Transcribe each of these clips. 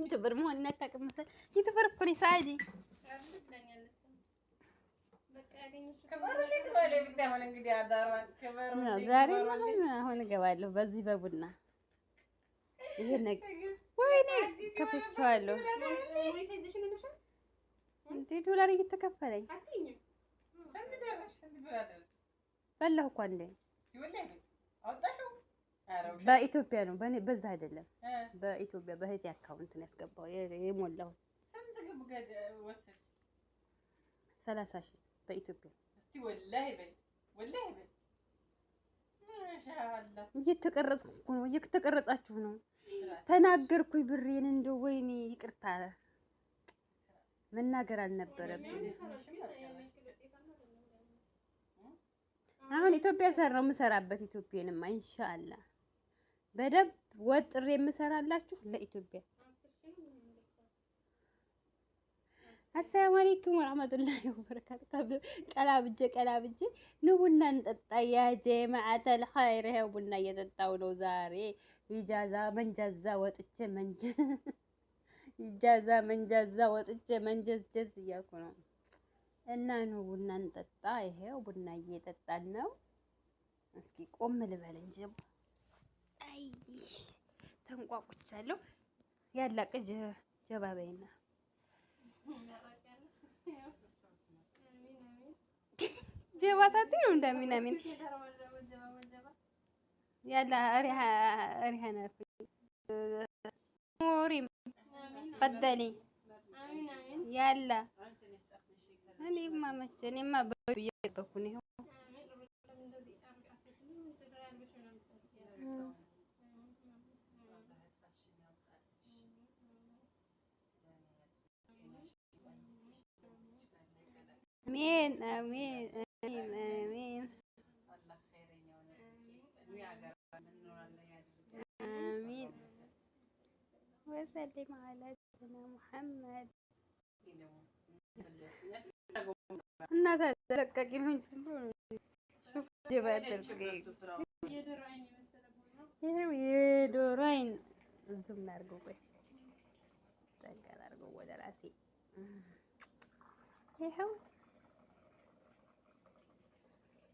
ዩቱበር መሆን አታውቅም። ዩቱበር እኮ ነኝ። ሳዲ ዛሬ አሁን እገባለሁ በዚህ በቡና ይሄን ነገር ወይኔ ከፍቼዋለሁ። እንዴ ዶላር እየተከፈለኝ በላሁ እኮ እንደ በኢትዮጵያ ነው፣ በዛ አይደለም። በኢትዮጵያ በህቴ አካውንት ነው ያስገባው የሞላው ሰላሳ በኢትዮጵያ እየተቀረጽኩ ነው፣ እየተቀረጻችሁ ነው። ተናገርኩኝ ብሬን እንደው ወይኔ ይቅርታ መናገር አልነበረብኝ። አሁን ኢትዮጵያ ሰር ነው የምሰራበት ኢትዮጵያንማ ኢንሻአላህ በደንብ ወጥሬ የምሰራላችሁ ለኢትዮጵያ። አሰላሙ አለይኩም ወራህመቱላሂ ወበረካቱ። ቀላብጄ ቀላብጄ ንቡና እንጠጣ ያ ጀማዓተል ኸይር። ይኸው ቡና እየጠጣው ነው ዛሬ። ኢጃዛ መንጃዛ ወጥቼ መንጀ ኢጃዛ መንጃዛ ወጥቼ መንጀዝጀዝ እያልኩ ነው እና ኑ ቡና እንጠጣ። ይሄው ቡና እየጠጣን ነው። እስኪ ቆም ልበል እንጂ አይ ተንቋቁቻለሁ። ያላቀ ጀባባይና ጀባ ሳቲ ነው እንዳሚናሚን ያላ ሪሃ ሞሪም ፈደሊ ያላ እኔማ መቼ እኔማ በብዬ በኩል ይኸው አሜን አሜን አሜን አሜን ወሰለም አላ ሰይድና ሙሐመድ እናታ ለቀቂ የዶሮ አይን ዙም አድርገው ቆይ ጠጋ አድርገው ወደ ራሴ ይኸው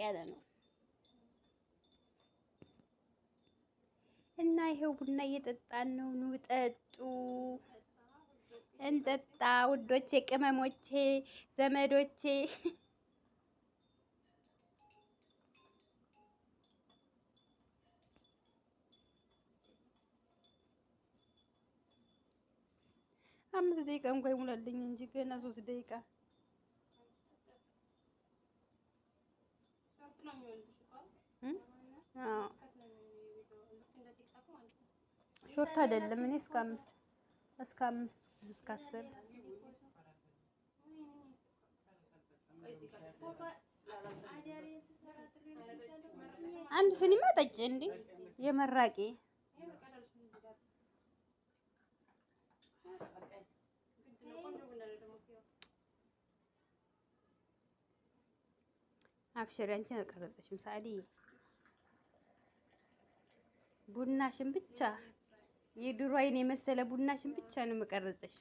ያለ ነው እና ይሄው ቡና እየጠጣን ነው። ኑ ጠጡ፣ እንጠጣ ውዶቼ፣ ቅመሞቼ፣ ዘመዶቼ አምስት ደቂቃ እንኳን ይሙላልኝ እንጂ ገና ሶስት ደቂቃ ሾርት አይደለም። እኔ እስከ አምስት እስከ አምስት እስከ አስር አንድ ስኒማ ጠጪ እንዴ የመራቂ አብሽሪ፣ አንቺን አልቀረጸሽም ሳዕዲዬ። ቡናሽን ብቻ የድሮ አይን የመሰለ ቡናሽን ብቻ ነው የምቀረጽሽ።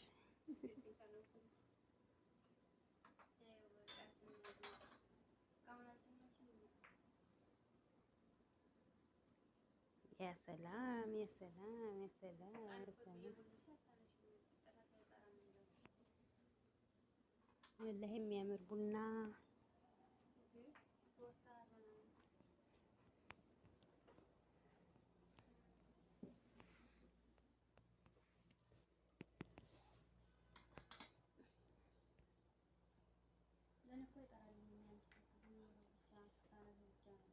ያ ሰላም፣ ያ ሰላም፣ ያ ሰላም፣ ወላሂ የሚያምር ቡና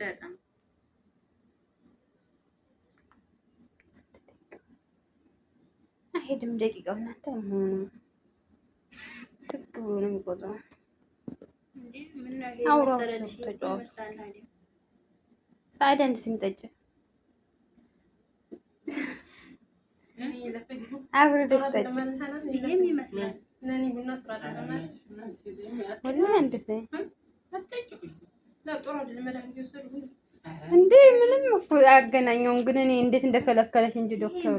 በጣም አይሄድም ደቂቃው። እናንተ መሆኑ ስግ ብሎ ነው የሚቆጥረው። አውራው ተጫዋች ሰዓድ አንድ አብረደሽ ጠጭ ይሄም ይመስላል ነኒ ቡና እንዴ ምንም እኮ አያገናኘውም። ግን እኔ እንዴት እንደከለከለች እንጂ ዶክተሩ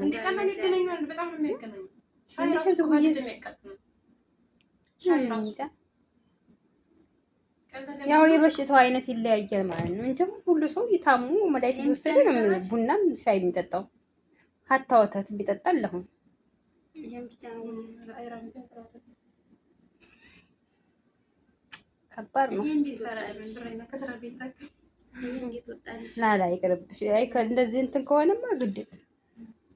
ያው የበሽታው አይነት ይለያያል ማለት ነው እንጂ ሁሉ ሰው ይታሙ መድኃኒት እየወሰደ ነው። ቡናም ሻይ የሚጠጣው ሀታ ወተት ቢጠጣ አለሁን ከባድ ነው። ላላ ይቅርብሽ። እንደዚህ እንትን ከሆነማ ግድ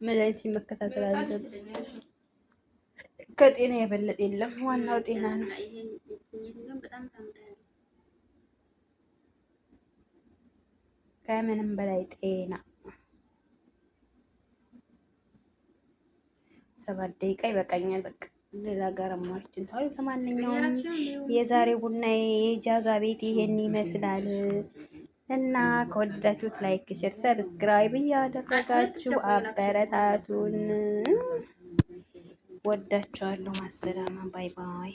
መድኃኒት መከታተል አለብን። ከጤና የበለጠ የለም። ዋናው ጤና ነው። ከምንም በላይ ጤና። ሰባት ደቂቃ ይበቃኛል በቃ ሌላ ጋር ማችን ለማንኛውም የዛሬ ቡና የጃዛ ቤት ይሄን ይመስላል እና ከወደዳችሁት ላይክ፣ ሼር፣ ሰብስክራይብ እያደረጋችሁ አበረታቱን። ወዳችኋለሁ። ማሰላማ። ባይ ባይ።